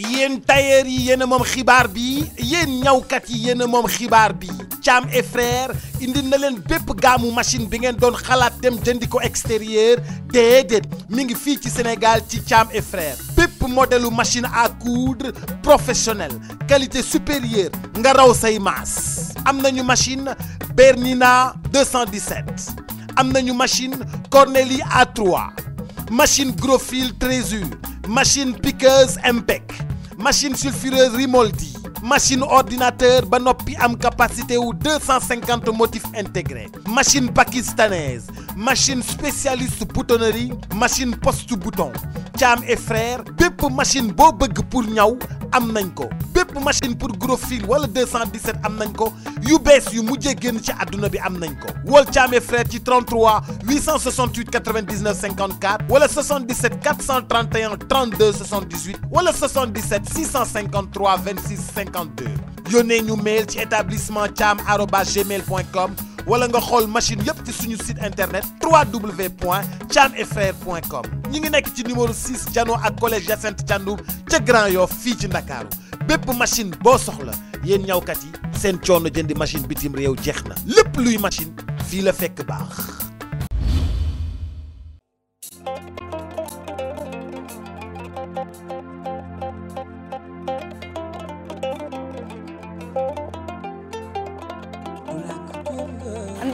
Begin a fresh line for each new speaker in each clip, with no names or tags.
yéen tailleur yi yéen a moom xibaar bi yéen ñawkat yi yéen a moom bi et frère indi na leen bépp gaamu machine bi ngeen doon xalaat dem jëndi ko extérieur déedéet mi ngi fii ci Sénégal ci Thiam et frère bépp modèle machine à coudre professionnel qualité supérieure nga raw say maas am machine Bernina 217 am nañu machine Corneli A3 machine Grofil Trésur machine piqueuse MPEC machine sulfureuse Rimoldi machine ordinateur Banopi am capacité ou 250 motifs intégrés machine pakistanaise machine spécialiste boutonnerie machine poste bouton Tcham et frère bépp machine bobeg pour ñaw Amnenko. nañ machine pour gros fil wala 217 Amnenko. UBS, ko yu adunabi yu mujjee génn ci et frère ci 33 868 99 54 wala 77 431 32 78 wala 77 653 26 52 Yoné ñu mail ci établissement tcham wala nga xool machine yépp ci suñu site internet www.thiamefrères.com ñi ngi nekk ci numéro 6 jano ak collège Hyacinthe Thiandoum ca Grand Yoff fii ci Ndakaaru bépp machine boo soxla yéen ñawkat yi seen coono jëndi machine bitim réew jeex na lépp luy machine fii la fekk baax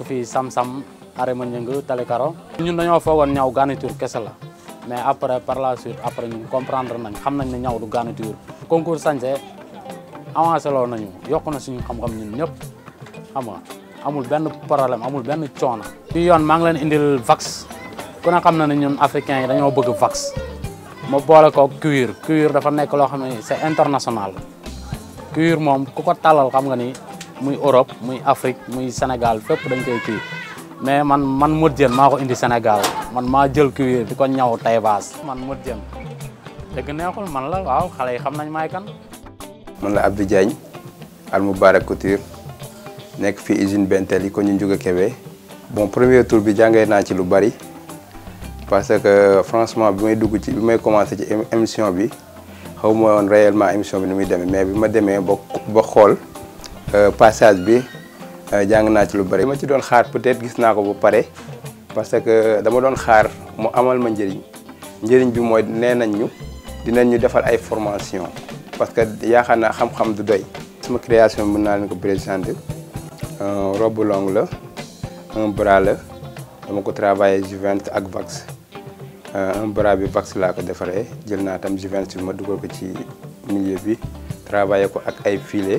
nekk fi sam-sam arema njëngu tale karo ñun dañoo fa ñaw garniture kessa la mais après par la suite après ñu comprendre nañ xam nañ ne ñaw du garniture concours sañse avancé lo nañu yokk na suñu xam-xam ñun ñëpp xam nga amul benn problème amul benn coono bi yoon ma ngi leen indil vax ku na xam na ne ñun africain yi dañoo bëgg vax ma boole ko cuir cuir dafa nekk loo xam ne c'est international cuir moom ku ko talal xam nga ni muy Europe muy Afrique muy Sénégal fépp dañ koy kii mais man man Modou mako indi Sénégal man ma jël cuir di ko ñaw tay baas man Modou deug neexul man la waw xalé xam nañ may kan
man la Abdou Diagne Al mubarak Couture nek fi usine Bentel yi ko ñu jóge Kébé bon premier tour bi jangay na ci lu bari parce que franchement bi may dugg ci bi may commencer ci émission bi xawma won réellement émission bi ni muy démé mais bi ma démé ba xol Euh, passage bi euh, jàng naa ci lu bëri. li ma ci doon xaar peut-être gis naa ko bu pare parce que dama doon xaar mu amal ma njëriñ njëriñ bi mooy nee nañ ñu dinañ ñu defal ay formation parce que yaakaar naa xam-xam du doy. suma création mën naa leen ko présenter robe longue la un bras la dama ko travaillé Juventus ak Vax euh, un bras bi Vax laa ko defaree jël naa tam Juventus bi ma dugal ko ci milieu bi travaillé ko ak ay file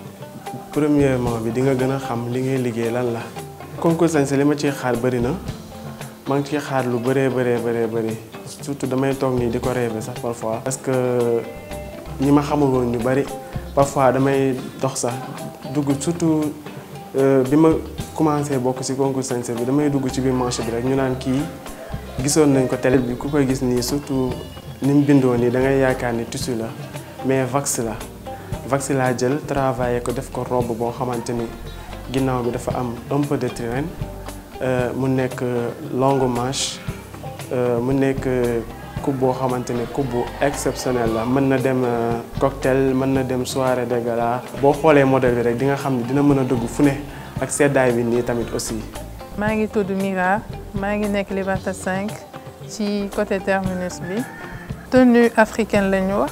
premièrement bi di nga gën a xam li ngay liggéey lan la. concours sañse li ma ciy xaar bëri na maa ngi ciy xaar lu bëree bëree bëree bëri surtout damay toog nii di ko rêver sax parfois. parce que ñi ma xamul woon ñu bëri parfois damay dox sax dugg surtout euh, bi ma commencer bokk ci concours sañse bi damay dugg ci biir marché bi rek ñu naan kii gisoon nañ ko télé bi ku koy gis nii surtout ni mu bindoo nii da ngay yaakaar ni tissu la mais vax la. wax laa jël travaillé ko def ko robe bo xamanteni ginnaw bi dafa am un peu de train euh, mu nek euh, longue manche euh mu nek euh, coupe bo xamanteni coupe exceptionnel la mën na dem cocktail mën na dem soirée de gala bo xolé modèle bi rek di nga xamni dina mën a dugg fu ak seddaay bi ni tamit aussi.
ma ngi tudd Mira ma ngi nek Liberté 5 ci côté terminus bi tenue africaine la ñu wax.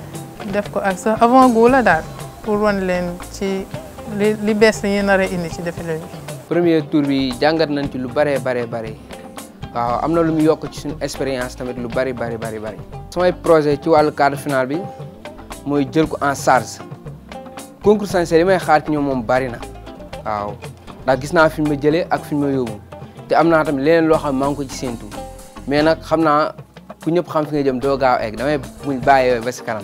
def ko ak sa avant goût daal pour wan leen ci li li bees li ñu indi ci defe bi.
premier tour bi jàngat nañ ci lu bëree bare bëri waaw am na lu mu yokk ci suñu expérience tamit lu bëri bëri bëri bëri. samay projet ci wàllu cadre final bi mooy jël ko en charge concours Sanché yi may xaar ci ñoom moom bëri na waaw ndax gis naa fi ma jëlee ak fi ma yóbbu te am naa tamit leen loo xam ne maa ngi ko ci séentu mais nag xam naa ku ñëpp xam fi nga jëm doo gaaw egg damay buñ bàyyi ba si kanam.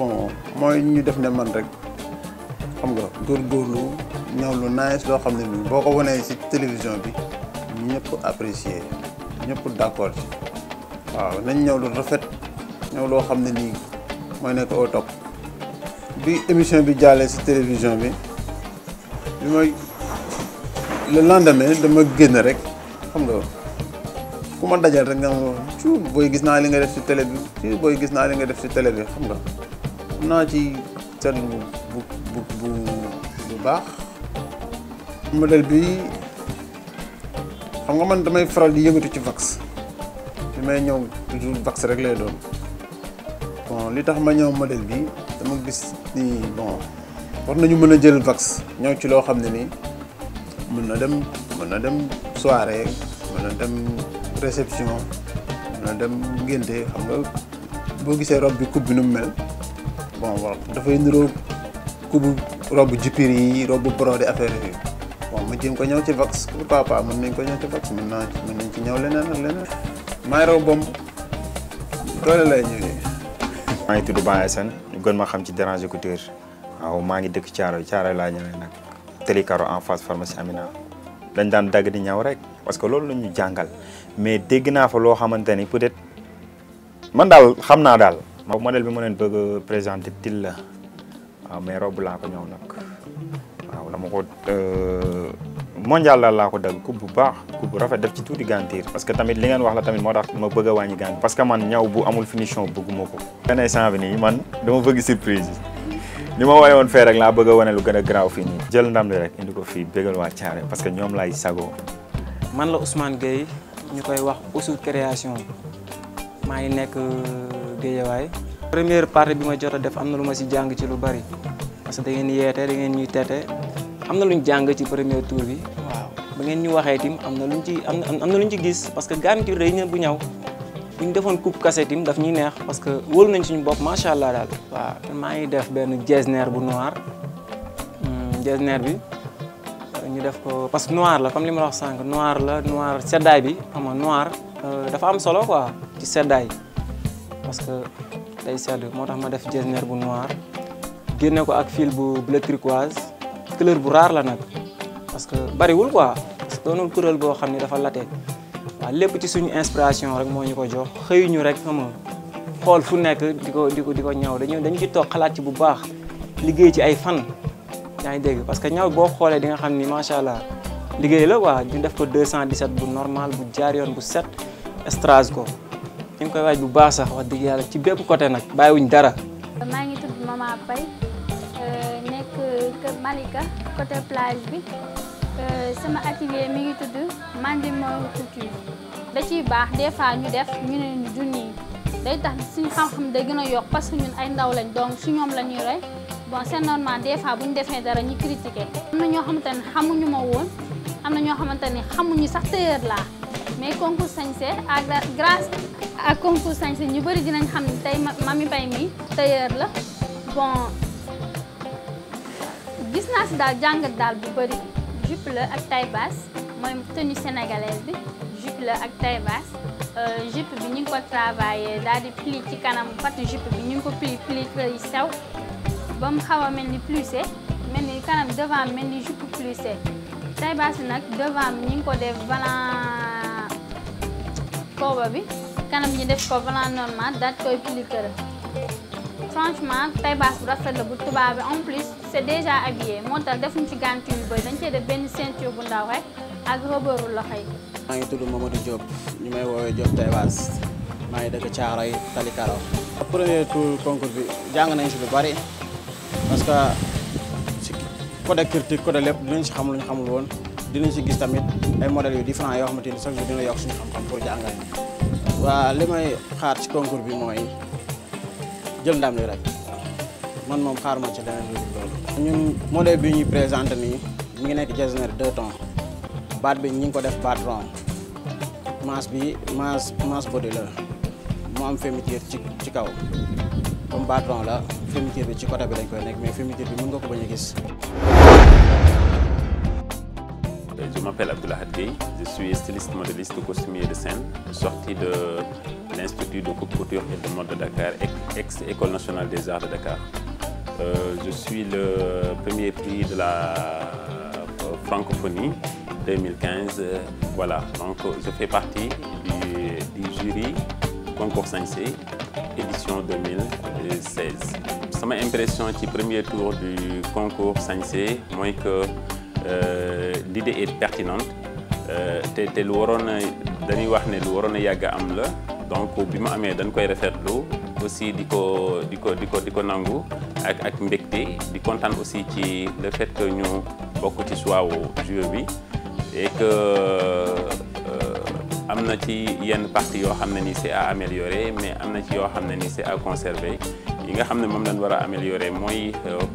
bon mooy ñu def ne man rek xam nga góorgóorlu ñëw lu nice loo xam ne nii boo ko wanee ci télévision bi ñëpp apprécier ñëpp d'accord ci waaw nañ ñëw lu rafet ñëw loo xam ne nii mooy nekk au top bi émission bi jàllee ci télévision bi bi mooy le lendemain dama génn rek xam nga ku ma dajal rek nga ma cuub booy gis naa li nga def ci télé bi cuub booy gis naa li nga def ci télé bi xam nga naa ci sëriñ bu bu bu bu baax modèle bi xam nga man damay faral di yëngatu ci vax bi may ñëw toujours vax rek lay doon bon li tax ma ñëw modèle bi dama gis ni bon war nañu mën a jël vax ñëw ci loo xam ne nii dem mën dem soirée mën dem réception mën dem ngénte xam nga boo gisee coupe bi mel bon voilà da dafay niroo kubu robu jupiri yi robu de affaire yi bon ma jëm ko ñëw ci vax pourquoi papa mën nañ ko ñëw ci vax mën na mën nañ ci ñëw leneen ak leneen may raw bom doole lay ñëwee
maa ngi tuddu Baye Sène ñu gën ma xam ci dérange écouteur waaw ma ngi dëkk ci ci Thiaroy la ñëw nak télé caro en face pharmacie Amina dañ daan dag di ñaw rek parce que loolu lañu ñu jàngal mais dégg naa fa loo xamante ni peut-être man daal xam naa daal Mau model bi mo len bëgg présenter til la waaw mais robe la ko ñow nak waaw ah, mako euh mondial la la ko dag ku bu baax ku bu rafet def ci touti gantir parce que tamit li ngeen wax la tamit ma bëgg wañi gant parce que man ñaw bu amul finition bëgguma ko benn instant bi man dama bëgg surprise li ma woyoon rek la bëgg wone wane lu gëna graw fi ni jël ndam li rek indi ko fi bëggal wa Thiaré parce que ñom lay sago
man la Ousmane Gueye ñu wah wax Ousou création ma ngi nek Géejawaay première partie ma def am na lu ma si ci lu bari parce que da ngeen da ngeen ñuy ci premier tour bi waaw ba ngeen ñu waxee tim am na ci am na ci gis parce que garniture day bu ñaw bu ñu coupe tim daf neex parce que nañ suñu allah waaw ngi def benn jesner bu noir hmm, bi. ñu def ko parce que noir la comme li wax noir la noir bi xam noir euh, dafa am solo quoi ci parce que day sedd motax ma def designer bu noir génne ko ak fil bu bleu turquoise couleur bu rare la nak parce que bari wul quoi parce couleur bo xamni dafa laté wa lepp ci suñu inspiration rek moo ñu ko jox xeyuñu rek xama xol fu nek diko diko diko ñaw dañu dañu ci tok xalat ci bu baax liggéey ci ay fan yaa dégg parce que ñaw bo xolé di nga xamni ni macha allah liggéey la wa ñu def ko 217 bu normal bu jaar yoon bu set estrasgo ñing koy waj bu baax sax wax deug yalla ci bëpp côté nag bàyyiwuñ
dara.
ma ngi tudd Mama euh nek kër Malika côté plage bi eh, sama atelier mi ngi tudd mo couture da ci baax des fois ñu def ñu ne ñu jooni day tax suñ xam-xam day gëna yok parce que ñun ay ndaw lañ donc su ñom la ñuy bon c'est normal des fois buñ défé dara ñi critiquer amna ño ñoo ne xamuñu ma woon amna ño ñoo xamuñu sax tailleur la mais concours à grâce à concours ñu bari dinañ xam tay mami bay mi tailleur la bon gis naa d'al daal bu la basse tenue sénégalaise bi jupe la taille basse euh, jupe bi ko di jupe bi ko pli pli devant melni taille basse devant ko kooba bi kanam ji def ko blanc normal daal koy pili këram franchement taille basse bu rafet la bu tubaab bi en plus c'est déjà habillé moo tax defuñ ci gantu yu bu ndaw rek ak rëbëru loxo yi.
maa ngi tudd Mamadou
ñu may woowee Diop taille basse maa ngi dëkk Thiaroye Tali Karaw. premier tour bi jàng nañ si lu bari parce que si côté culture côté lépp si xamul woon. dinañ ci gis tamit ay modèles yu différents yoo xamante ni chaque jour dina yokk suñu xam-xam pour jàngal waa li may xaar ci concours bi mooy jël ndam li rek man moom xaar ma ci leneen lu loolu ñun ñuy présenté nii mi ngi nekk designer deux tons baat bi ñu ngi ko def baat rond masse bi masse masse body la mu am fermeture ci ci kaw comme baat rond la fermeture bi ci côté bi lañ koy nekk mais fermeture bi mun nga ko bañ a gis
m'appelle Abdullah Hatté, je suis styliste modéliste costumier de scène, sorti de l'Institut de couture et de mode de Dakar, ex-École nationale des arts de Dakar. Euh, je suis le premier prix de la euh, francophonie 2015. Voilà, donc je fais partie du, jury concours Sensei, édition 2016. Ma impression du premier tour du concours Sensei, moins que euh, l'idée est pertinente euh, te te lu dañuy wax lu donc aussi nangu aussi le fait que nous beaucoup ci choix au jeu et que. Euh, nous y ci partie qui c'est à améliorer mais amna ci c'est à conserver yi nga xam améliorer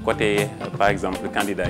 côté par exemple candidat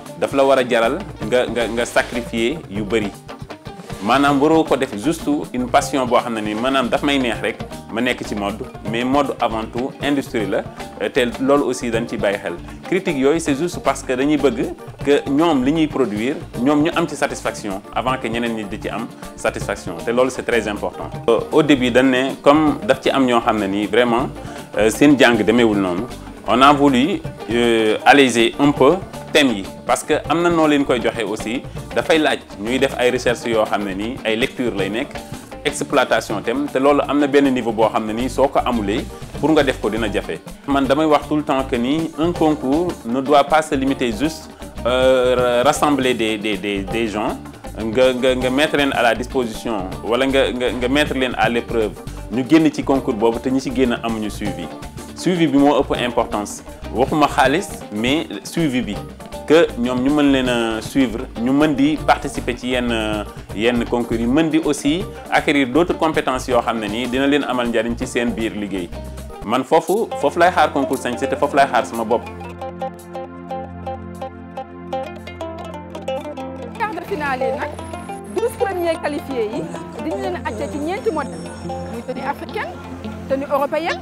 daf la war a jaral nga nga nga sacrifier yu bëri maanaam waroo ko def juste une passion boo xam ne ni maanaam daf may neex rek ma nekk ci mode mais mode avant tout industrie la te loolu aussi dañ ci bàyyi xel critique yooyu c'est juste parce que dañuy bëgg que ñoom li ñuy produire ñoom ñu am ci satisfaction avant que ñeneen ñi di ci am satisfaction te loolu c'est très important. Euh, au début dañ ne comme daf ci am ñoo xam ne nii vraiment euh, seen jàng demeewul noonu on a voulu euh, alléger un peu thèmes parce que amna na noo koy joxe aussi fay laaj ñuy def ay recherche yo xamné ni ay lecture lay nekk exploitation thème té loolu amna ben niveau bo xamné ni soko amulé pour nga def ko dina jafé man damay wax tout le temps que ni un concours ne doit pas se limiter juste euh, rassembler des des des des gens nga nga nga mettre leen à la disposition wala nga nga nga mettre len à l'épreuve ñu génn ci concours bobu té ñi ci génn amuñu suivi suivi bi moo ëpp importance waxuma xaalis mais suivi bi que ñoom ñu mën leen a suivre ñu mën di participer ci yenn yenn concours yi mën di aussi acquérir d'autres compétences yoo xam ne nii dina leen amal njariñ ci seen biir liggéey man foofu foofu lay xaar concours sañse te foofu lay xaar sama bopp.
cadre de finale yi nag douze premiers qualifiés yi dañu leen a ci ñeenti mode muy tenue africaine tenue européenne.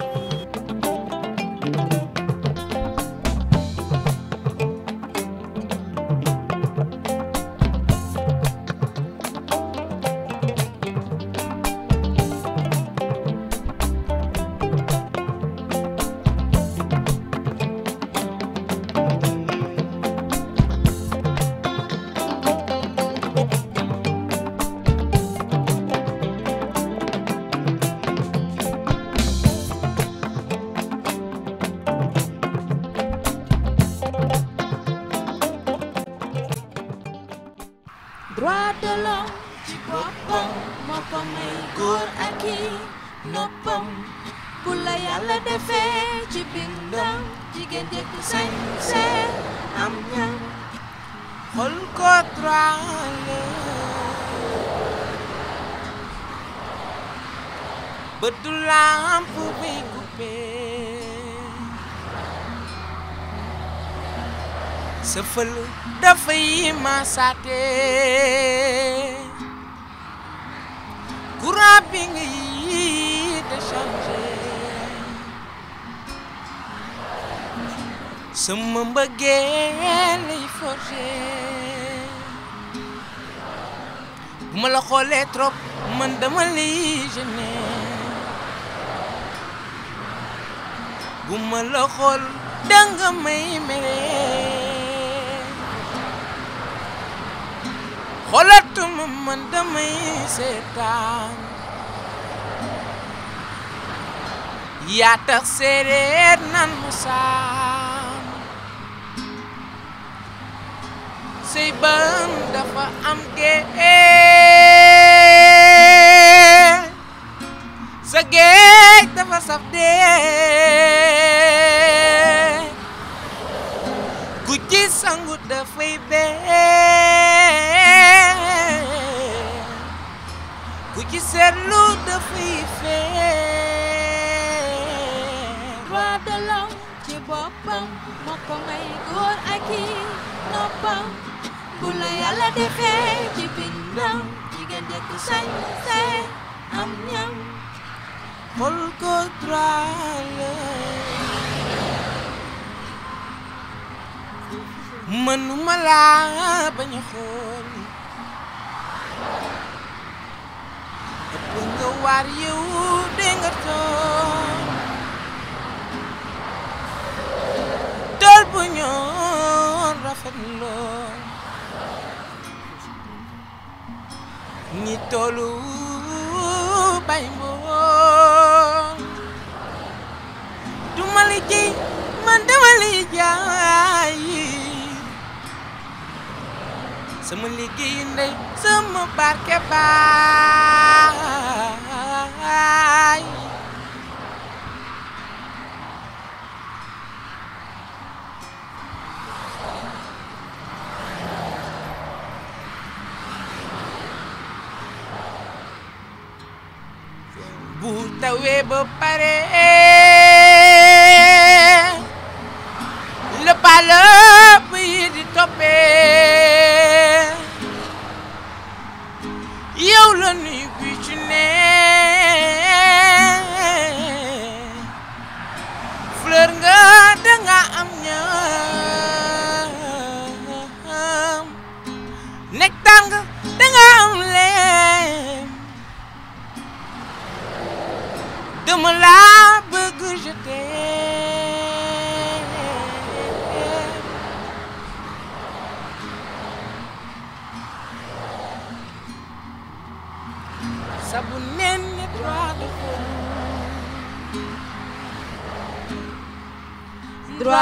sama mbëggeel lay forgé bu ma la xoolee trop man dama lay gêné bu ma la xool danga may mere xoolatuma man yaa tax nan mu sëy ban dafa am dee sa géej dafa saf dee ku ci sangu dafay bee ku ci seetlu dafay fee roi de l'homme ci boppam moo ko may góor ak noppam bu la yàlla defee ci bindam jigéen dëkk sañse am ñam xool ko traale mënuma laa bañ a xool ëpp nga waar yow de nga toog tool bu ñoo rafet ñi tollu bay mboom du ma liggéey man dama liggéey sama liggéey ndey sama barke baa joué ba pare le palais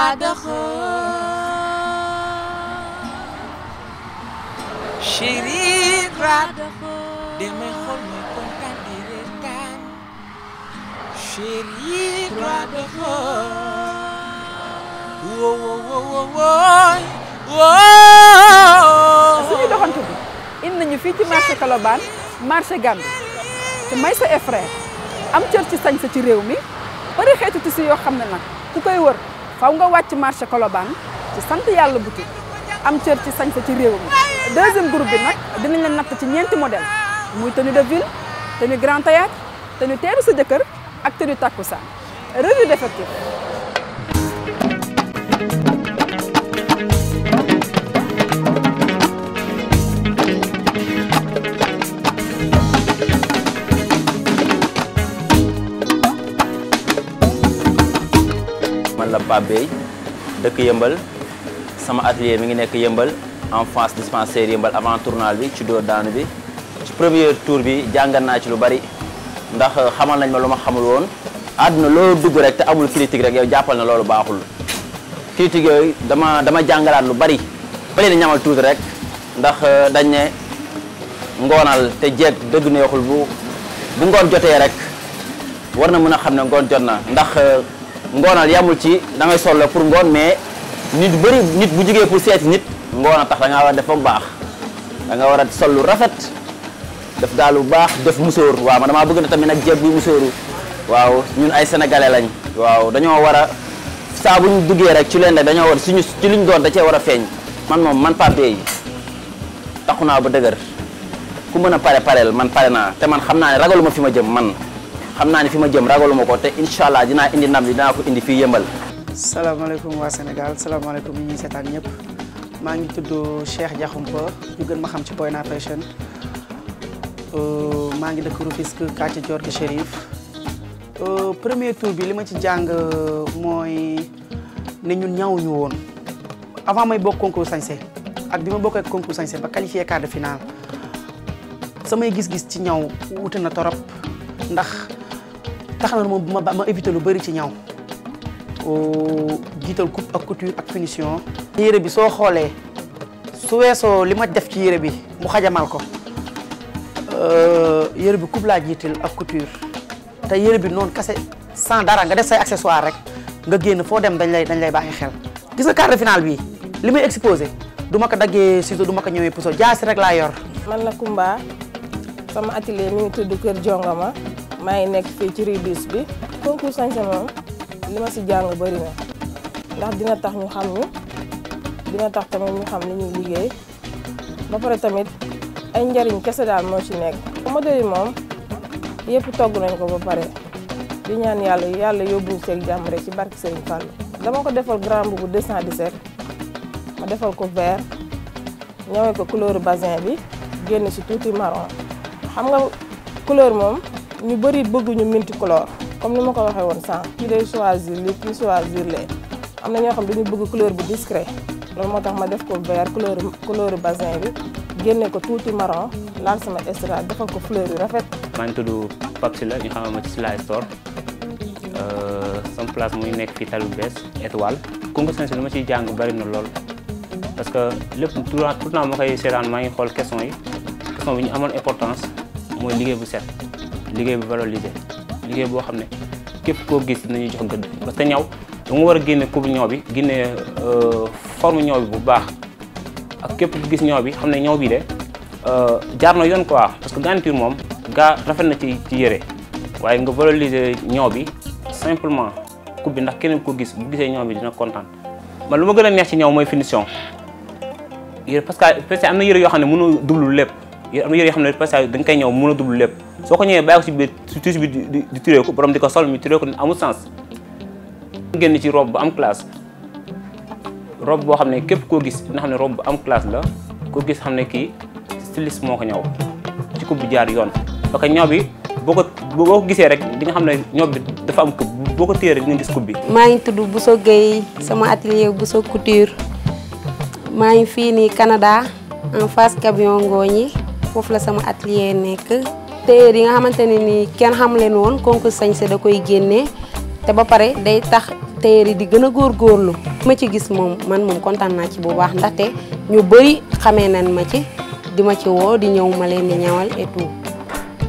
شیرین ردخور دم خود میکن گریتن شیرین ردخور
وای وای wo suñu doxantu bi indi nañu fii ci marché Colobane marché Gambie ci Maïssa et Frères am cër ci sañsa ci réew mi bari xeetu tissu yoo xam ne ku koy wër faw nga wàcc marché Colobane ci sant yàlla butik am cër ci sañ fa ci réew mi deuxième groupe bi nag dinañ leen natt ci ñeenti modèle muy tenue de ville tenue grand théâtre tenue teeru sa jëkkër ak tenue takkusaan revue d'effectif
Kër Pape Bey sama atelier mi ngi nekk Yembal en face dispensaire Yembal avant tournal bi ci do dan bi ci premier tour bi jangal na ci lu bari ndax euh, xamal nañ ma luma xamul won aduna lo dugg rek te amul critique rek yow jappal na lolu baxul critique yoy dama dama jangalat lu bari bari na ñamal tuuti rek ndax euh, dañ ne ngonal te jek deug neexul bu bu ngon jotee rek warna mëna xamne ngon jotna ndax euh, ngonal yamul ci da ngay solo pour ngon mais nit bari nit bu jige pour set nit ngona tax da nga wara def bax da nga wara solo rafet def dalu bax def musor wa man dama bëgg tamit nak jeb bi musoru waaw ñun ay sénégalais lañ waaw dañoo wara sa buñ duggé rek ci leen dañoo wara suñu ci luñ doon da ci wara feñ man mom man papé yi taxuna ba deugar ku mëna paré parél man paré na té man xamna né ragaluma fi ma jëm man xamna ni fima jëm ragaluma ko te inshallah allah indi nam dina ko indi fii yëmbal.
wa senegal Sénégal alaykum ñi sétan ñep ma ngi tuddu Cheikh Diakhoumpa ñu gën ma xam ci Boy euh ma ngi dëkk Rufisque quartier Jorge euh premier tour bi lima ci jang euh, moy ne ñun ñu woon avant may bok concours sañse ak bima ma bokkee concours sañse ba qualifier quart de finale samay gis-gis ci ñaw wute na torop ndax tax na ma ma éviter lu bari ci ñaw gital coupe ak couture ak finition yéré bi so xolé su wéso lima def ci yéré bi mu xajamal ko euh, yéré bi coupe la jiital ak couture ta yéré bi non kasse sans dara nga def say accessoire rek nga génn fo dem dañ lay dañ lay bàyyi xel gis nga quart de bi limay exposé ko daggé ciseau du ko ñëwé pousso jaasi rek la yor
man la Kumba sama atelier mi ngi tuddu Kër Jongama may nek fi ci RIBIS bi concours sañse moom li ma si jàng na ndax dina tax ñu xam ñu dina tax tam ñu xam li ñu liggéey ba paré tamit ay ndariñ kessa dal mo ci nek modèle yi mom yépp togg nañ ko ba paré di ñaan yalla yalla yobul sék seeg rek ci barke Serigne Fall dama ko defal grand boubou 217 ma defal ko vert ñawé ko couleur bazin bi génn ci touti marron xam nga couleur mom ñu bëri bëgguñu multicolore comme ni ma ko waxé won sax ki day choisir li ki choisir lé amna ño xam dañu bëgg couleur bu discret loolu motax ma def ko vert couleur couleur bazin bi génné ko touti marron lal sama estrade defal ko fleur yu rafet.
man ngi tudd Pape ñu xamal ma ci slide Store euh, son place muy nekk fi Talu bes étoile ku nga li ma ci jang bari na lool parce que lepp tout temps ma kay sétane maa ngi question yi question bi ñu amone importance moy liggéey bu set. liggéey bu valoriser liggéey boo xam ne képp koo gis nañu jox gëdd parce que ñaw da war a génne coupe ñaw bi génne euh, forme ñaw bi bu baax ak képp ku gis ñaw bi xam ne ñaw bi de euh, jaar na yoon quoi parce que garniture moom gaa rafet na ci ci yére waaye nga valoriser ñaw bi simplement coupe bi ndax keneen ko gis bu gisee ñaw bi dina kontaan man lu ma gën a neex ci ñaw mooy finition yére parce que parce am na yére yoo xam ne mënu dublu lépp Ya, am yére yoo xam ne passage da nga koy ñëw mën a dublu lépp soo ko ñëwee bàyyi ko si biir bi di ko borom sol mi ko sens génn ci robe am classe robe boo xam ne képp koo gis robe am classe la koo gis xam ne kii styliste cukup ko ñëw ci ko bu jaar yoon parce que ñaw bi boo ko boo ko gisee rek di nga xam ne bi dafa am këb rek di nga gis kub bi
ngi sama atelier buso Couture maa ngi fii nii Canada en face camion foofu la sama atelier nekk téer yi nga xamante ne ni kenn xam leen woon concours sañse da koy génnee te ba pare day tax téer yi di gën a góorlu ma ci gis moom man moom kontaan naa ci bu baax ndaxte ñu bëri xamee nañ ma ci di ma ci woo di ñëw ma leen di ñawal et tout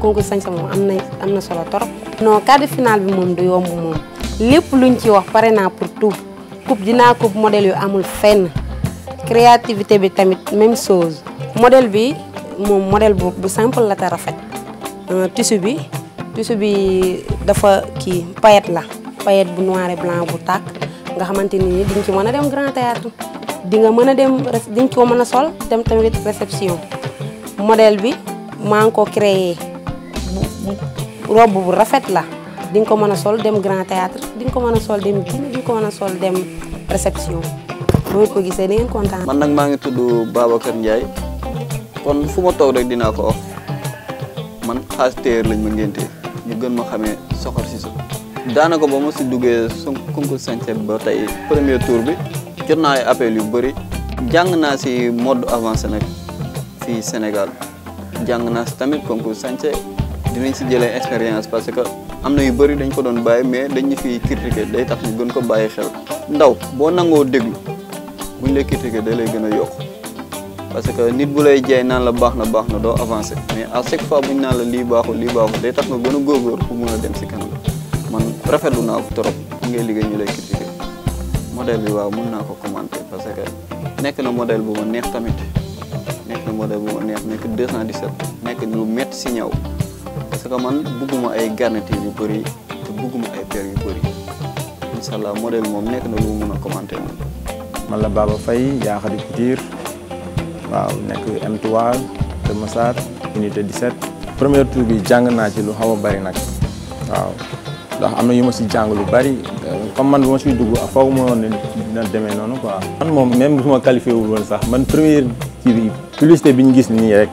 concours sañse moom am na am na solo torop non quart de finale bi moom du yomb moom lépp luñ ci wax pare naa pour tout coupe dinaa coupe modèle yu amul fenn créativité bi tamit même chose modèle bi moom model bu bu simple la te rafet euh, tissu bi tissu bi dafa ki paillette la paillette bu noir et blanc bu tak nga xamanteni ni ding ci mën dem grand théâtre di nga mën dem ding ci ko sol dem tamit réception Model bi maa ngi ko créé robe bu rafet la ding ko mën sol dem grand théâtre ding ko mën sol dem gine ding ko mën sol dem réception boo ko gisee di ngeen
Mandang man nag do ngi kerja. Babacar kon fuma tok rek dina ko man xaas téer lañ ma ngénte ñu gën ma xamé soxor ci su daanaka ba ma ci duggé son concours santé ba tay premier tour bi jot ay appel yu bari jang na ci mode avancé nak fi Sénégal jang na ci tamit concours santé dinañ ci jëlé expérience parce que amna yu bari dañ ko doon baye mais dañ ñu fi critiquer day tax ñu gën ko baye xel ndaw boo nangoo déglu buñ lay critiquer day lay gëna yokk parce que nit bu lay jey nan la baax na baax na doo avancé mais à chaque fois bu nan la li baaxul li baaxul day tax nga gëna gogor pour mëna a dem si kanam man rafetlu na ko trop ngay liggéey ñu lay critiquer model bi waaw mën naa ko commenter parce que nekk na model bu ma neex tamit nekk na model bu ma neex nekk 217 nekk lu métti si ñaw parce que man bugguma ay garniture yu bëri te bugguma ay per yu bëri incha model modèle moom nekk na lu mu mën a commenté man la Baba fay Faye xadi Couture. waaw nekk M3 Kër Massar unité 17. premier
tour bi jàng naa ci lu xaw a bari nag waaw ndax am na yu ma si jàng lu bari euh, comme man bu ma siy dugg ah, foog ma woon ne dina demee noonu quoi. man moom même bu ma qualifié wul woon sax man première kii bi publicité ñu gis nii rek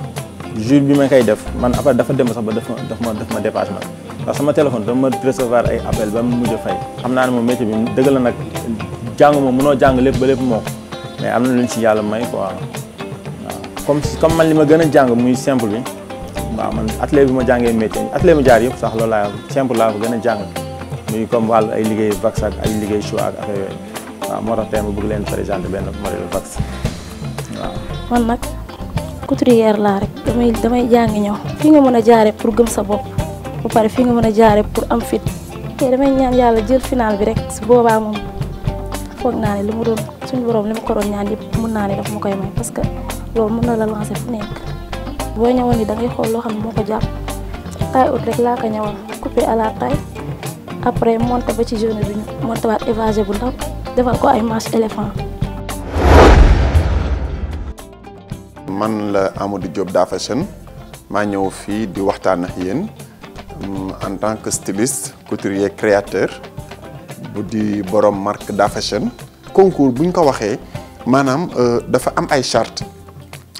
jour bi ma koy def man après dafa dem sax ba daf ma daf ma dépassé man ndax sama téléphone dama recevoir ay appel ba mu mujj a fay. xam naa ne moom métier bi dëgg la nag jàng moom mënoo jàng lépp ba lépp moo am na si yàlla may quoi. comme comme man li ma gën a jàng muy simple bi waaw man atelier bi ma jàngee métier atelier ma jaar yëpp sax loolu laa simple laa ko gën a jàng muy comme wàllu ay liggéey vax
ak ay liggéey choix ak affaire yooyu waaw moo tax tey ma bëgg leen présenter benn modèle vax
waaw.
man nag couturière laa rek damay damay jàng ñëw fi nga mën a jaaree pour gëm sa bopp ba pare fi nga mën a jaaree pour am fit te damay ñaan yàlla jël final bi rek su boobaa moom foog naa ne li mu doon suñu borom li ma ko doon ñaan yëpp mun naa ne daf ma koy may parce que. loolu mën na la lancer fu nekk boo ñëwoon ni da ngay xool loo xam ne moo ko jàpp taille haute rek laa ko ñëwoon coupé à la taille après monté ba ci jaune bi monté waat évasé bu ndaw defal ko ay manche éléphant.
man la Amadou Diop Da Fashion maa ñëw fii di waxtaan ak yéen mm, en tant que styliste couturier créateur bu di borom marque Da Fashion concours bu ñu ko waxee maanaam euh, dafa am ay charte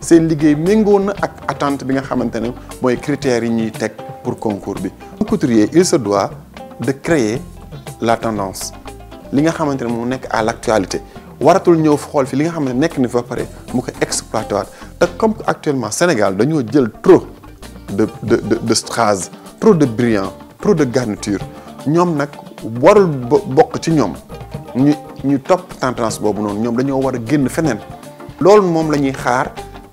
c'est liggéey méngoo ak attente bi nga xamantene ne mooy critères yi ñuy pour concours bi. couturier il se doit de créer la tendance li nga xamantene mo mu nekk à l'actualité waratul ñëw xol fi li nga xamantene ne nekk na fa paré mu ko exploiter te comme actuellement Sénégal dañu jël trop de de de de strass trop de brillant trop de garniture ñom nak warul bok ci ñom ñu ñu top tendance bobu non ñom dañu wara a fenen feneen mom lañuy xaar.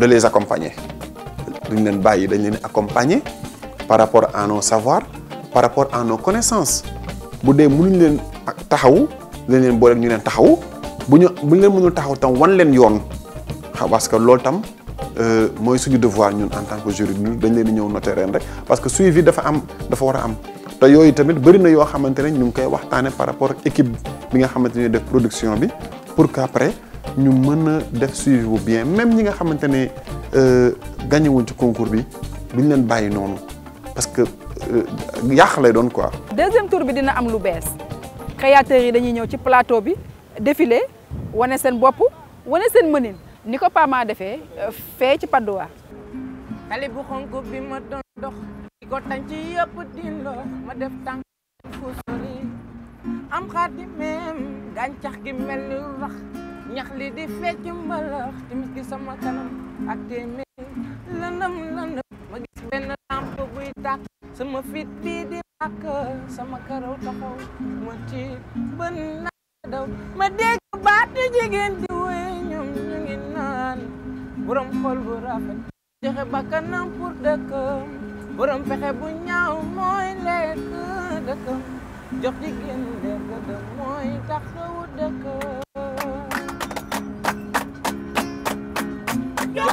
de les accompagner duñ leen bàyyi dañ leen accompagner par rapport à nos savoirs par rapport à nos connaissances bu dee mënuñ leen taxawu dañ leen boole ñu leen taxawu bu ñu bu ñu leen mënul taxaw tam wan leen yoon parce que loolu tam euh, mooy suñu devoir ñun en tant que juridique dañ leen di ñëw rek parce que suivi dafa am dafa war a am te yooyu tamit bëri na yoo xamante ne ñu ngi koy waxtaane par rapport équipe bi nga xamante de def production bi pour qu'après ñu mën a def suivi bu bien même ñi nga xamante ne euh, gagné wuñ ci concours bi duñ leen bàyyi noonu parce que euh, yàq lay doon quoi.
deuxième tour bi dina am lu bees créateurs yi dañuy ñëw ci plateau bi défilé wane seen bopp wane seen mënin ni ko Pama defee euh, fee ci Padoa.
xale bu xonk bi ma doon dox. di ko tànc ci yëpp dindoo ma def tànk fu sori am xaati même gàncax gi mel ni rax. Nyakli di fecc mbalax timis gi sama kanam ak téeméer lanam lëndëm ma gis benn lampe buy sama fit bi di màkk sama karaw taxaw ma tiit ba naa daw ma dégg baatu jigéen di woy ñoom ñu ngi naan borom xol bu rafet joxe bakkanam pour dëkkam borom pexe bu ñaaw moy lekk dëkkam jox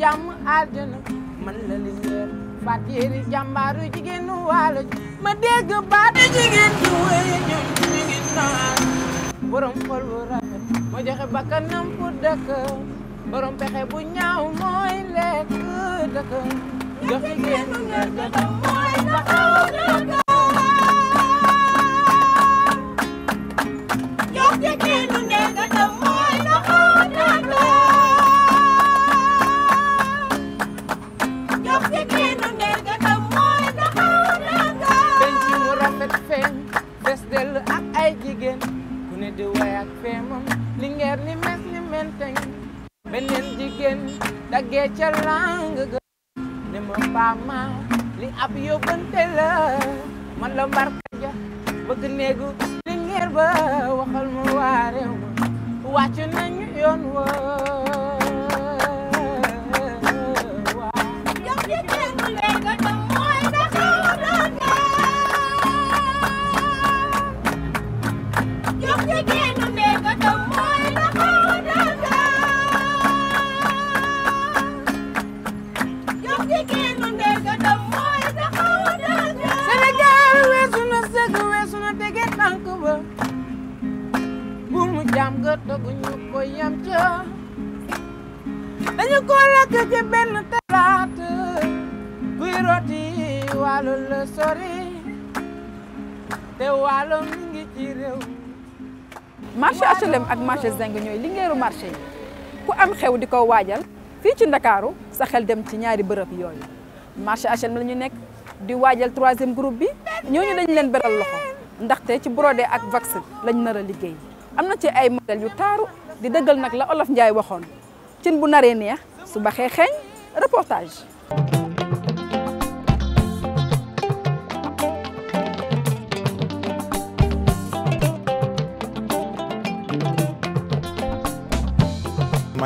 jàmm àjjana man la lingeer baat yéeri jàmbaaru jigéen nu waalo jigéen di wéy ñoom ñu ngi borom xol bu rafet moo joxe bakkanam pour borom pexe bu ñaaw mooy lekk dëkk jox jigéen ñi mooy taxaw dëkk
ak marché Zinc ñooy lingeeru marché yi ku am xew di ko waajal fii ci Ndakaaru saxel dem ci ñaari bërëb yooyu marché HLM la ñu nekk di waajal troisième groupe bi ñooñu dañ leen beral loxo ndaxte ci brodé ak wax lañu nar a liggéey am na ci ay modèles yu taaru di dëggal nag la Olof Njaay waxoon cin bu naree neex su baxee xeeñ reportage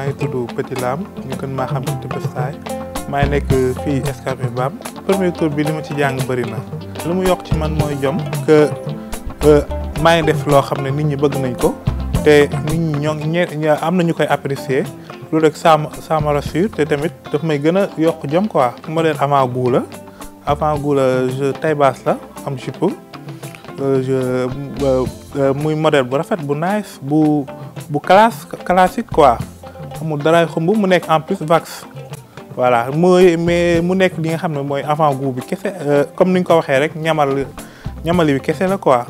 maa ngi tudd Petit Lam ñu gën maa xam ci ngi nekk fii Escapé Bam premier tour bi li ci jàng bëri na lu mu yokk ci man mooy jom que euh, maa ngi def loo xam ne nit ñi bëgg nañ ko te nit ñi ñoo am na ñu koy apprécier loolu rek ça rassure te tamit daf may gën a yokk jom quoi modèle avant goût la avant goula la je taille basse am jupe euh, euh, muy model bu rafet bu nice bu bu classe classique quoi amul mu en plus vax voilà mais mu li nga avant euh, comme ni ko rek ñamal ñamali la quoi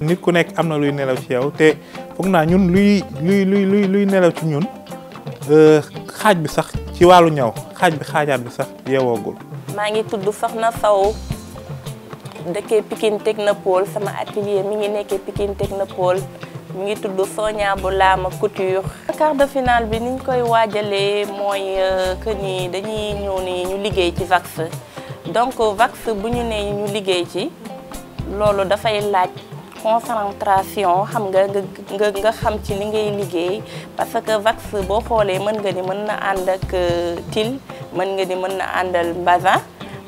nit ku luy nelaw ci yow ñun luy luy luy luy nelaw ci
Technopole atelier Technopole mu ngi tudd Sonia Boulama Couture. quart de finale bi ñu koy waajalee mooy euh, que yi dañuy ñëw ni ñu liggéey ci VAX donc VAX bu ñu nee ñu liggéey ci loolu dafay laaj concentration xam nga nga nga xam ci li ngay liggéey parce que VAX boo xoolee mën nga ni mën na ànd ak euh, til mën nga ni mën na àndal bazin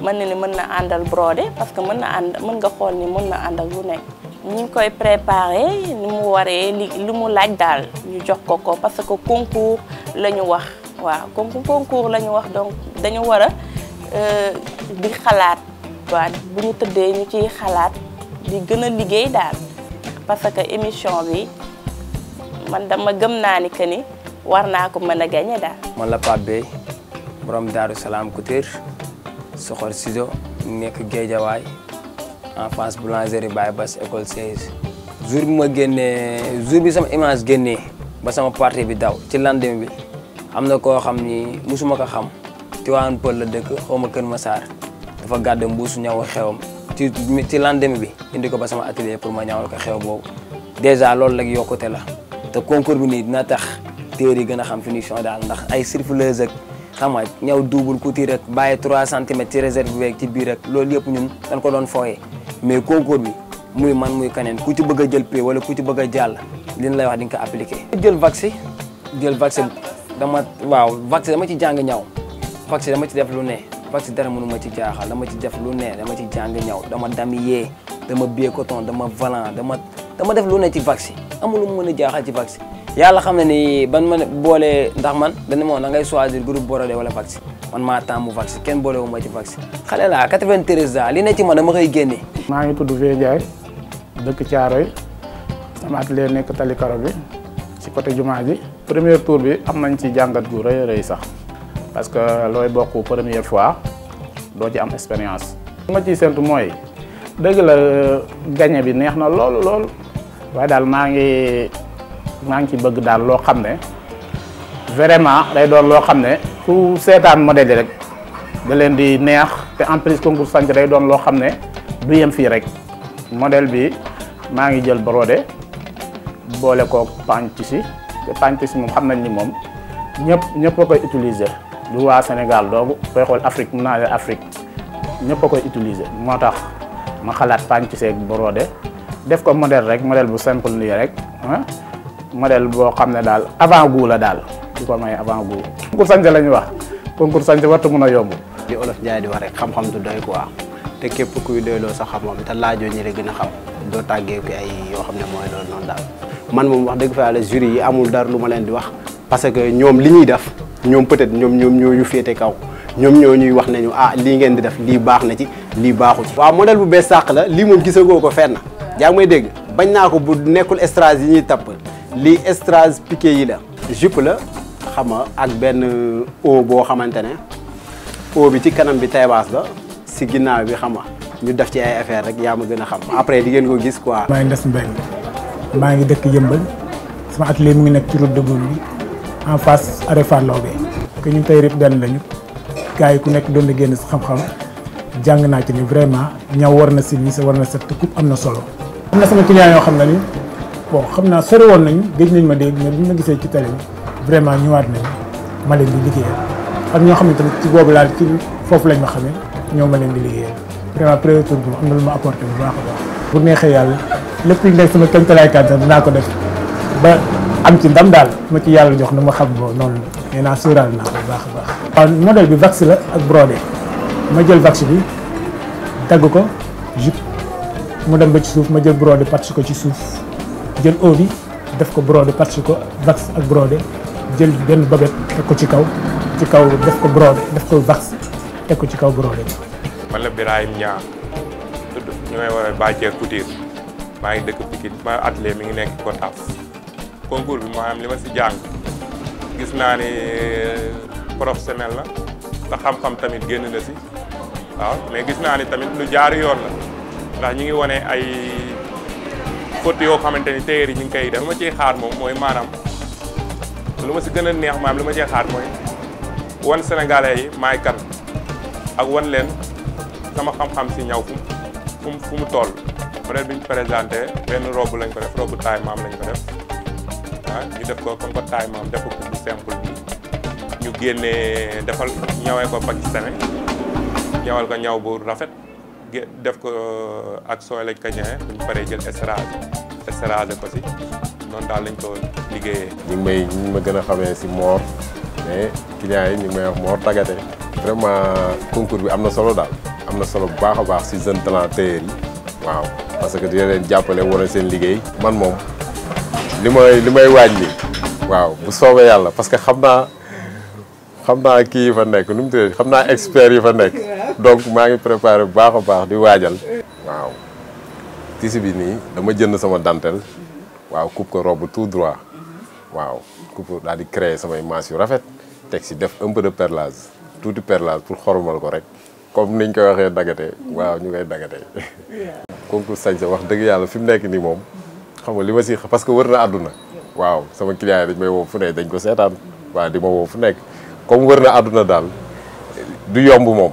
mën na ni mën na àndal brodé parce que mën na ànd mën nga xool ni mën na ànd ak lu nekk. ñu ngi préparé ni mu waree li li mu laaj daal ñu jox ko ko parce que concours la ñu wax waaw comme concours la wax donc dañu war a euh, di xalaat waaw bu ñu tëddee ñu ciy xalaat di gën liggéey daal parce que émission bi man dama gëm naa ni que ni war naa ko mën a gañe daal.
man la Pape borom Daaru Salaam Couture soxor Sido nekk Géejawaay. en face boulangerie Baye Bass école 16. jour bi ma génnee jour bi sama image génnee ba sama parti bi daw ci lendemain bi am na koo xam ni musuma ko xam Tivaouane Peulh la dëkk xaw ma Kër Massar dafa gàdd mbuusu ñaw xewam ci ci lendemain bi indi ko ba sama atelier pour ma ñawal ko xew boobu déjà loolu rek yokkute la te concours bi nii dina tax téer yi gën a xam finition daal ndax ay la ak xam ñaw ñëw double couture rek bàyyi 3 centimètres ci réserve bi ci biir rek loolu yëpp ñun dañ ko doon fooyee mais concours bi muy man muy keneen ku ci bëgg a jël pay wala ku ci bëgg a jàll li ñu lay wax di nga ko appliqué. jël vaccin jël vaccin dama waaw vaccin dama ci jàng ñaw vaccin dama ci def lu ne vaccin dara mënu ci jaaxal dama ci def lu ne dama ci jàng ñaw dama dam yee dama bie coton dama valant dama dama def lu ne ci vaccin amul lu mu mën a jaaxal ci vaccin. yàlla xam ne ni ban ma boolee ndax man dañ da ngay choisir groupe borodé wala vaccin man maa taamu vaccin kenn boole wu ma ci vaccin xale laa 93 ans li ne ci man dama koy génne.
maa ngi tudd Vieux Ndiaye dëkk Thiaroye sama atelier nekk Tali Karo bi ci côté jumaa ji première tour bi am nañ ci jàngat gu rëy rëy sax parce que looy bokk première fois doo ci am expérience. ma ci séntu mooy dëgg la gañe bi neex na loolu loolu waaye daal maa ngi. maa ngi ci bëgg daal loo xam ne vraiment day doon loo xam ne ku seetaan modèle yi rek da leen di neex te en plus concours Santhia day doon loo xam ne du yem fii rek modèle bi maa ngi jël borode boole koog si te si moom xam nañ ni moom ñëpp ñëpp a koy utiliser du waa Sénégal doogu koy Afrique mun naa ne Afrique ñëpp a koy utiliser moo tax ma xalaat pantissu ak borode def ko modèle rek modèle bu simple nii rek ah. modèle boo xam ne daal avant goût la daal di ko may avant goût concours sañse la ñu wax concours sañse wartu mun a yomb
li olof Njaay di wax rek xam-xam du doy quoi te képp kuy doyloo sa xam-xam te laajoo ñi la gën a xam doo tàggee yoo xam ne mooy loolu man moom wax dëgg fa yàlla jury yi amul dara lu ma leen di wax parce que ñoom li ñuy def ñoom peut-être ñoom ñoom ñoo ñu féete kaw ñoom ñoo ñuy wax nañu ah lii ngeen di def lii baax na ci lii baaxu ci waaw modèle bu bees sàq la lii moom gisagoo ko fenn yaa ngi dégg bañ naa ko bu nekkul stratégie yi ñuy tapp lii strass piqué yi la jupe la xam nga ak benn eau boo xamante ne eau bi ci kanam bi taybaas la si ginnaaw bi xam nga ñu def ci ay affaire rek yaa ma gën a xam après di ngeen ko gis ko maa
ngi des mbéy maa ngi dëkk yëmbal sama leen mu ngi nekk ci route de Gaulle bi en face arrêt Fallou Gueye. ñun tey rek benn lañu gars ku nekk doon na génn si xam-xam jàng naa ci ni vraiment ñaw war na si nii war na set te coupe am na solo. am na sama client yoo xam ne ni. bon xam naa sori woon nañ géej nañ ma dégg mais bu ñu ma gisee ci tali bi vraiment ñëwaat nañ ma leen di liggéeyal am ñoo xam ne tamit ci boobu laal ci foofu lañ ma xamee ñoo ma leen di liggéeyal vraiment premier tour bi am na lu ma apporté bu baax a baax bu neexee yàlla lépp li nekk sama kéemtalaay kàttan dinaa ko def ba am ci ndam daal ma ci yàlla jox na ma xam boo noonu la nee naa sóoraal naa ko bu baax a baax waaw modèle bi vax la ak brodé ma jël vax bi dagg ko jup mu dem ba ci suuf ma jël brodé pàcc ko ci suuf jël eau bi def ko brodé parce ko vax ak brodé jël benn babet teg ci kaw ci kaw def ko brodé def ko vax teg ci kaw brodé.
man la Birahim Niang tudd ñu may woowee Badié Couture maa ngi dëkk Pikine ma atelier mi ngi nekk Gotaas concours bi maanaam li ma si jàng gis naa ni euh, professionnel la te xam-xam tamit génn na si waaw mais gis naa ni tamit lu jaar yoon la ndax ñi ngi wone ay. faute yoo xamante ni téyeer yi ñu ngi koy def lu ma ciy xaar moom mooy maanaam lu ma si gën a neex maanaam lu ma ciy xaar mooy wan sénégalais yi maay kan ak wan leen sama xam-xam si ñaw fu mu fu mu tool peut-être bi ñu présenté benn robe lañ ko def robe taille maam lañ ko def ah ñu def ko comme ko taille maam def ko simple bi ñu génnee defal ñawee ko pakistanais ñawal ko ñaw bu rafet def ko ak sooy lañ ko ñëwee bu ñu paree jël esterase esterase ko si noonu daal lañ ko liggéeyee. ñu ngi may ñu ngi ma gën a xamee si Mor mais clients yi ñu ngi may wax Mor Tagate. vraiment concours bi am na solo daal am na solo bu baax a baax si jeune talent tailleur yi waaw parce que dina leen jàppale wala seen liggéey. man moom li may li may wàññi waaw bu soobee yàlla parce que xam naa xam naa kii yi fa nekk nu mu tuddee xam naa experts yi fa nekk. donc maa ngi préparé bu baax a baax di waajal. waaw tissu bi nii dama jënd sama dentelle waaw coupe ko robe tout droit waaw coupe daal di créer samay manches yu rafet teg si def un peu de perlage tout du perlage pour xoromal ko rek comme niñ koy waxee dagate waaw ñu koy dagate. concours sañse wax dëgg yàlla fi mu nekk nii moom xam nga li ma si parce que wër na àdduna. waaw sama client yi dañ may woo fu ne dañ ko seetaan waaw di ma woo fu nekk comme wër na àdduna daal du yomb mom.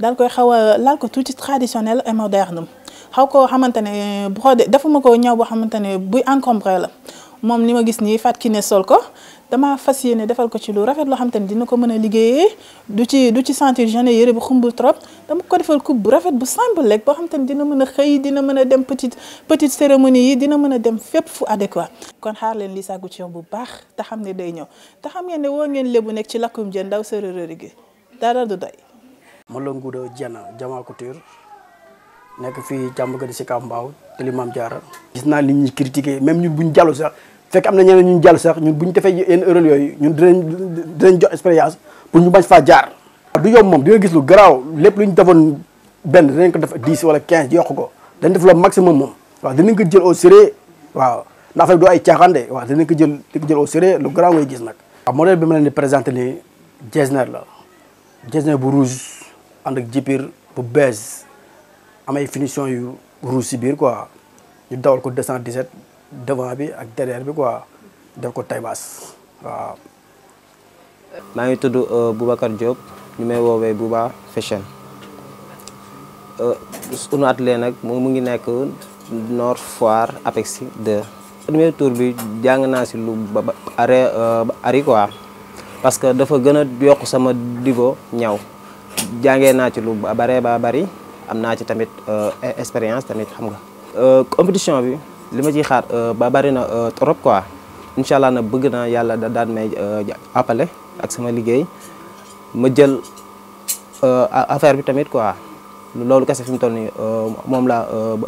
dal koy xawa lal ko tuuti traditionnel et moderne xaw ko xamantene brodé dafuma ko ñaw bo xamantene buy encombré la mom nima gis ni fat ki ne sol ko dama fasiyene defal ko ci lu rafet lo xamantene dina ko meuna a du ci du ci sentir gêné yére bu xumbul trop dama ko defal coupe bu rafet bu simple lek bo xamantene dina meuna xëy dina meuna dem petite petite cérémonie yi dina meuna dem fep fu adéquat kon xaar len li sagu ci yow bu baax ta xamné day ñëw ta xam ngeen ne wo ngeen lébu nek ci lakum jën ndaw sërërëri gi dara du day Mawla Ngouda
Diena Diama Couture nekk fii càmm gën si Kaw Mbaaw te li maam jaara gis naa li ñuy critiqué même ñun bu ñu jàllu sax fekk am na ñeneen ñu jàllu sax ñun bu ñu defee yenn erreur yooyu ñun dinañ dinañ jox expérience pour ñu bañ faa jaar. du yomb moom di nga gis lu garaaw lépp lu ñu defoon benn dinañ ko def dix wala quinze yokk ko dañ def la maximum moom waaw ko jël au sérieux waaw ndax affaire ay caaxaande waaw dinañ ko jël di ko jël lu garaaw ngay gis nag. waaw modèle bi ma leen di présenté nii Getzner la Getzner bu rouge. ànd ak jipir bu bees am ay finition yu rouge si biir quoi ñu dawal ko 217 devant bi ak derrière bi quoi def ko taybaas waaw.
maa ngi tudd euh, Boubacar Diop ñu may woowee Bouba Fashion euh, sunu atelier nag mu ngi nekk Nord Foire Apecsy 2. premier tour bi jàng naa si lu ba euh, ba ari quoi parce que dafa gën a yokk sama niveau ñaw. jàngee naa ci lu baree ba bari am naa ci tamit euh, e-, expérience tamit xam nga. Euh, compétition bi li ma ciy xaar euh, ba bari na trop quoi incha allah na bëgg na yàlla daan may appale ak sama liggéey ma jël affaire bi tamit quoi loolu kese fi toll nii moom laa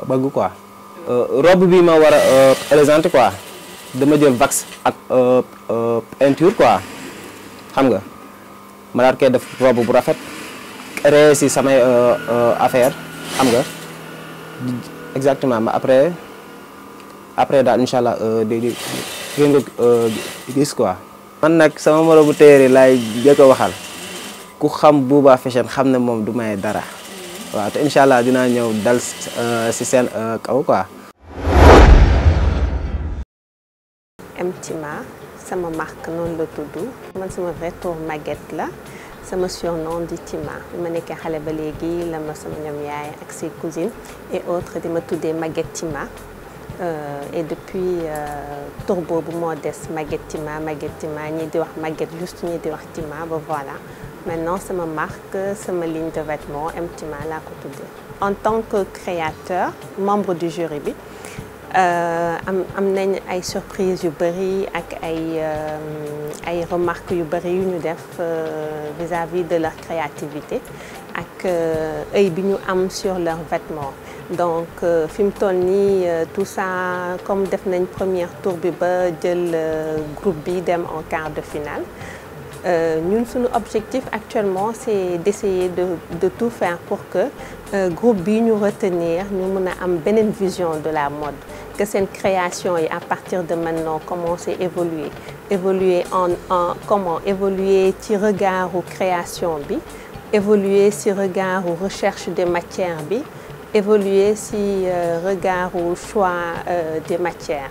bëgg quoi. robe bi ma war a présenter quoi dama jël wax ak peinture quoi xam nga ma daal koy def robe bu rafet. réussi samay euh, euh, affaire xam nga exactement ma après après daal incha allah euh, di di nga gis quoi. man nag sama moromu téere laay jëkk a waxal ku xam Bouba Fashion xam ne moom du may dara waaw te incha allah dinaa ñëw dal si seen kaw quoi.
Mtima sama marque noonu la tudd man sama vrai tour Maguette la. mon surnom di Tima ma ba légui la ma sama yaay ak ses et autres di ma Maguette Tima euh, et depuis euh, Turbo bu mo Maguette Tima Maguette Tima di juste ni di Tima voilà maintenant sama marque sama ligne de vêtements M Tima ko en tant que créateur membre du jury euh, am am nañ ay surprise yu bari ak ay euh, ay remarques yu yu euh, vis-à-vis de leur créativité ak œil bi am sur leurs vêtements donc fi mu tout ça comme def nañ première tour bi ba jël groupe bi en quart de finale nous objectif actuellement c'est d'essayer de de tout faire pour que euh, groupe bi nous retenir nous avons am vision de la mode que c'est une création et à partir de maintenant commencer évoluer évoluer en comment évoluer regard aux création bi évoluer regard aux recherche des matières bi évoluer euh, regard au choix euh, des matières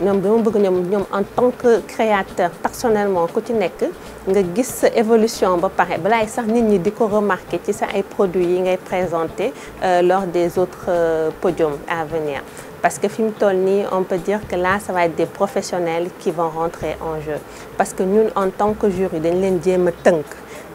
Nous, en tant que créateur personnellement nous ci nekk nga évolution ba avons remarqué sax nit ñi ça remarquer euh, lors des autres euh, podiums à venir parce que film Tony, on peut dire que là, ça va être des professionnels qui vont rentrer en jeu. Parce que nous, en tant que jury, nous sommes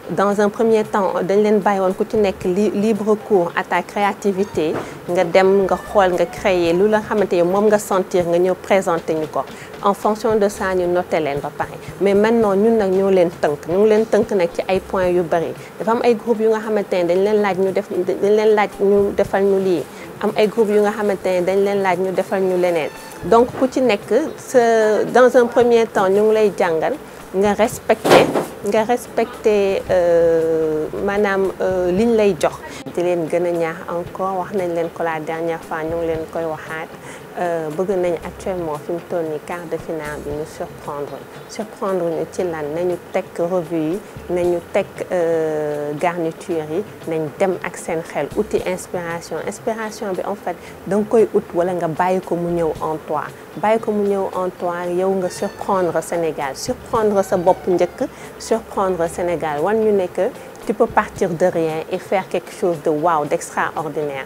dans un premier temps dañ leen bàyyi woon ku ci nekk libre cours à ta créativité nga dem nga xol nga créer lula la mom nga sentir nga ñeu présenter ñu ko en fonction de ça ñu noter len ba pare mais maintenant ñun nak ñoo leen tënk ñu ngi teunk tënk ci ay points yu bari dafa am ay groupe yu nga xamante ne dañ leen laaj ñu def dañ len laaj ñu defal ñu li am ay groupe yu nga xamante ne dañ leen laaj ñu defal ñu lenen donc ku ci nek sa dans un premier temps ñu ngi lay jàngal nga respecté nga respecté euh, maanaam euh, liñ lay jox. di len gëna ñaax encore wax nañ len ko la dernière fois ñu len koy waxat euh, bëgg nañ actuellement fi de finale surprendre surprendre nous revue euh, garniture inspiration inspiration en fait en toi en toi surprendre Sénégal surprendre sa surprendre Sénégal One tu peux partir de rien et faire quelque chose de wow d'extraordinaire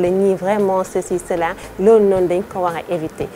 les nids, vraiment ceci cela l'on non dañ ko éviter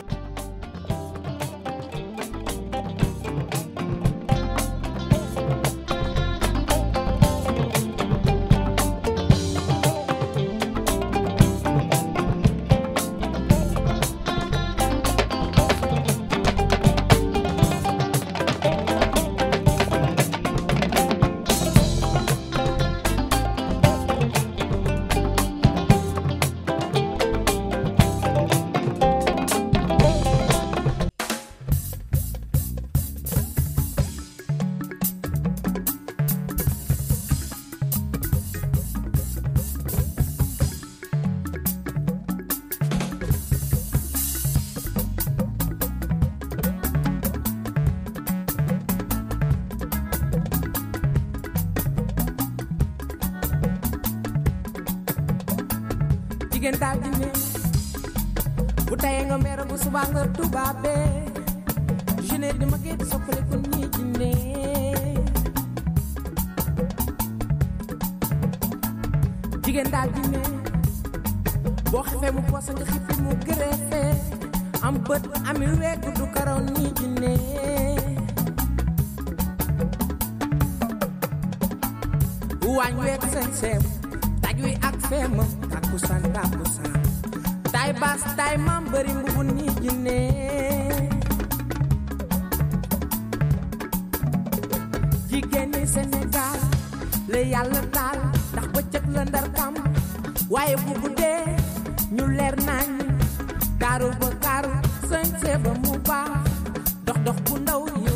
baas tay maam bëri mbubu nii jinne jigéen ñi la yàlla taal ndax bëccëg la ndar waaye bu guddee ñu leer nañ taaru ba kaaru sañse ba mu baax dox dox bu ndaw yi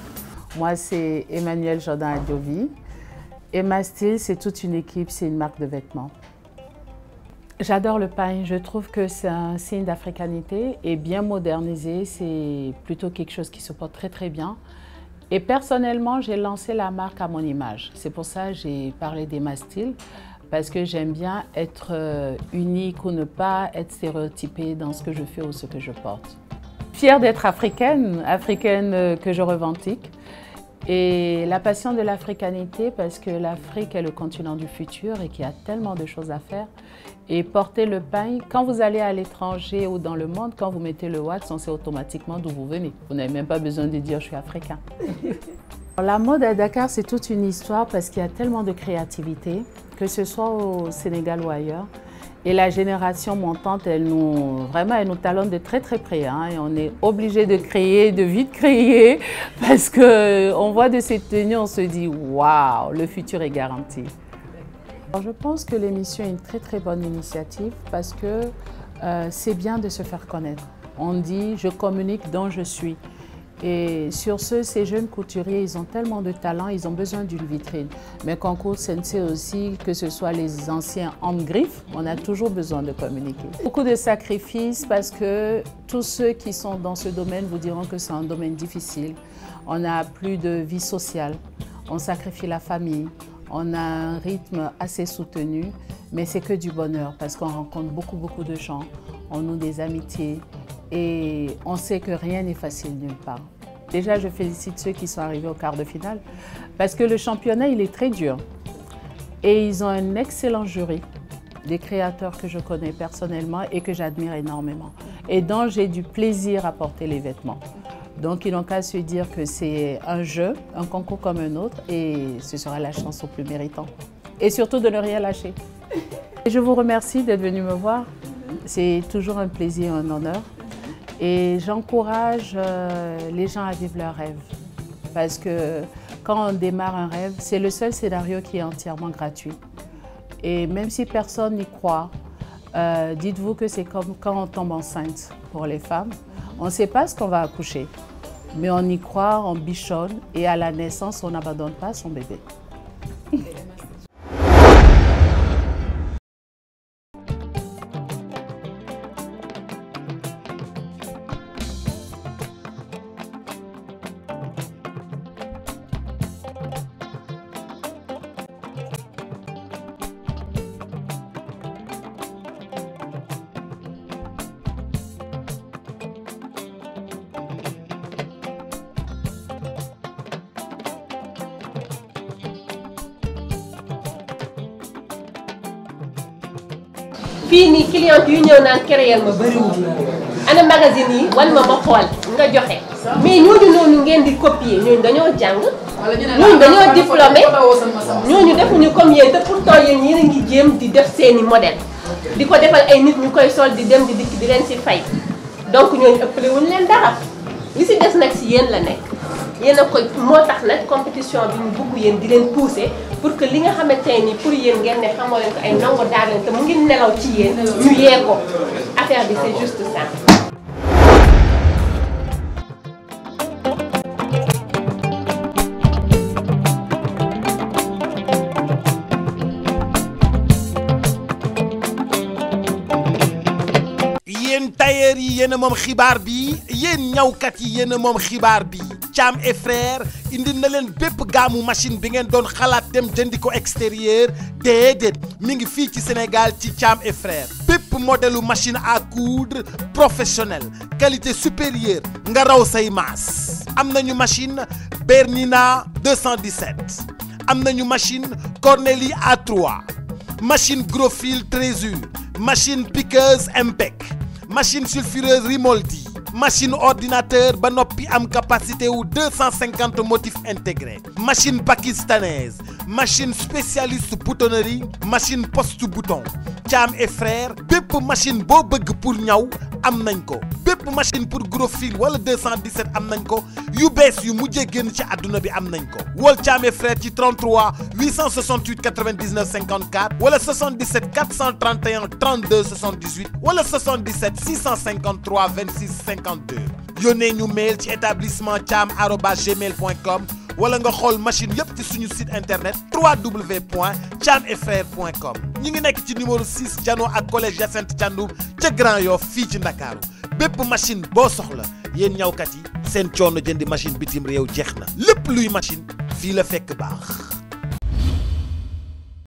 Moi, c'est Emmanuel
Jordan Adovi. Emma Steel, c'est toute une équipe, c'est une marque de vêtements. J'adore le pain. Je trouve que c'est un signe d'africanité et bien modernisé. C'est plutôt quelque chose qui se porte très très bien. Et personnellement, j'ai lancé la marque à mon image. C'est pour ça que j'ai parlé d'Emma Still, parce que j'aime bien être euh, unique ou ne pas être stéréotypée dans ce que je fais ou ce que je porte. Fière d'être africaine, africaine euh, que je revendique. Et la passion de l'africanité, parce que l'Afrique est le continent du futur et qu'il y a tellement de choses à faire. Et porter le pain, quand vous allez à l'étranger ou dans le monde, quand vous mettez le wax, on sait automatiquement d'où vous venez. Vous n'avez même pas besoin de dire je suis africain. La mode à Dakar, c'est toute une histoire parce qu'il y a tellement de créativité, que ce soit au Sénégal ou ailleurs. Et la génération montante, elle nous, vraiment, elle nous talonne de très très près. Hein. et on est obligé de créer, de vite créer, parce qu'on voit de cette tenue, on se dit waouh, le futur est garanti. je pense que l'émission est une très très bonne initiative parce que euh, c'est bien de se faire connaître. On dit je communique dont je suis. Et sur ce, ces jeunes couturiers, ils ont tellement de talent, ils ont besoin d'une vitrine. Mais Concours Sensei aussi, que ce soit les anciens en griffes, on a toujours besoin de communiquer. Beaucoup de sacrifices parce que tous ceux qui sont dans ce domaine vous diront que c'est un domaine difficile. On n'a plus de vie sociale, on sacrifie la famille, on a un rythme assez soutenu, mais c'est que du bonheur parce qu'on rencontre beaucoup, beaucoup de gens, on noue des amitiés, et on sait que rien n'est facile nulle part. Déjà, je félicite ceux qui sont arrivés au quart de finale parce que le championnat, il est très dur. Et ils ont un excellent jury, des créateurs que je connais personnellement et que j'admire énormément et dont j'ai du plaisir à porter les vêtements. Donc ils n'ont qu'à se dire que c'est un jeu, un concours comme un autre et ce sera la chance au plus méritant. Et surtout de ne rien lâcher. Et je vous remercie d'être venu me voir. C'est toujours un plaisir un honneur. Et j'encourage euh, les gens à vivre leurs rêves. Parce que quand on démarre un rêve, c'est le seul scénario qui est entièrement gratuit. Et même si personne n'y croit, euh, dites-vous que c'est comme quand on tombe enceinte pour les femmes. On ne sait pas ce qu'on va accoucher, mais on y croit, on bichonne et à la naissance, on n'abandonne pas son bébé.
client yu ñëw naan créer ma bëriwul ana magazine yi wan ma ma xool nga joxe mais ñooñu noonu ngeen di copier ñooñu dañoo jàng ñooñu dañoo diplômé ñooñu defuñu comme yéen te pourtant yéen yéen a ngi jéem di def seeni modèle di ko defal ay nit ñu koy sol di dem di dikk di leen si fay donc ñooñu ëppale wuñu leen dara li si des nag si yéen la nekk yéen a koy moo tax nag compétition bi mu bugg yéen di leen pousser pour que li nga xamante ni pour yéen ngeen ne xamoo leen ko ay ndongo daal leen te mu ngi nelaw ci yéen ñu yee ko affaire bi c'est juste ça
yéen tailleur yi yéen a moom xibaar bi yéen ñawkat yi yéen a moom xibaar bi Cham et frère indi na len machine bi ngeen doon xalaat dem jëndi extérieur déedéet mi ngi Sénégal ci et frère bépp modèle machine à coudre professionnel qualité supérieure nga raw say mas am machine Bernina 217 am machine Corneli A3 machine gros fil Trésur machine piqueuse MPEC machine sulfureuse Rimoldi machine ordinateur ba am capacité ou 250 motifs intégrés machine pakistanaise machine spécialiste boutonnerie machine poste bouton Tcham et frère bépp machine bobeg pour Nyaou Amnenko. nañ machine pour gros fil wala 217 amnenko. UBS, ko yu adunabi yu mujjee génn ci et frère ci 33 868 99 54 wala 77 431 32 78 wala 77 653 26 52 Yoné ñu mail ci établissement tcham wala nga xool machine yépp ci suñu site internet www.thiamefrères.com ñi ngi nekk ci numéro 6 jano ak collège Hyacinthe Tiandou ca Grand Yoff fii ci Ndakaaru bépp machine boo soxla yéen ñawkat yi seen coono jëndi machine bitim réew jeex na lépp luy machine fii la fekk baax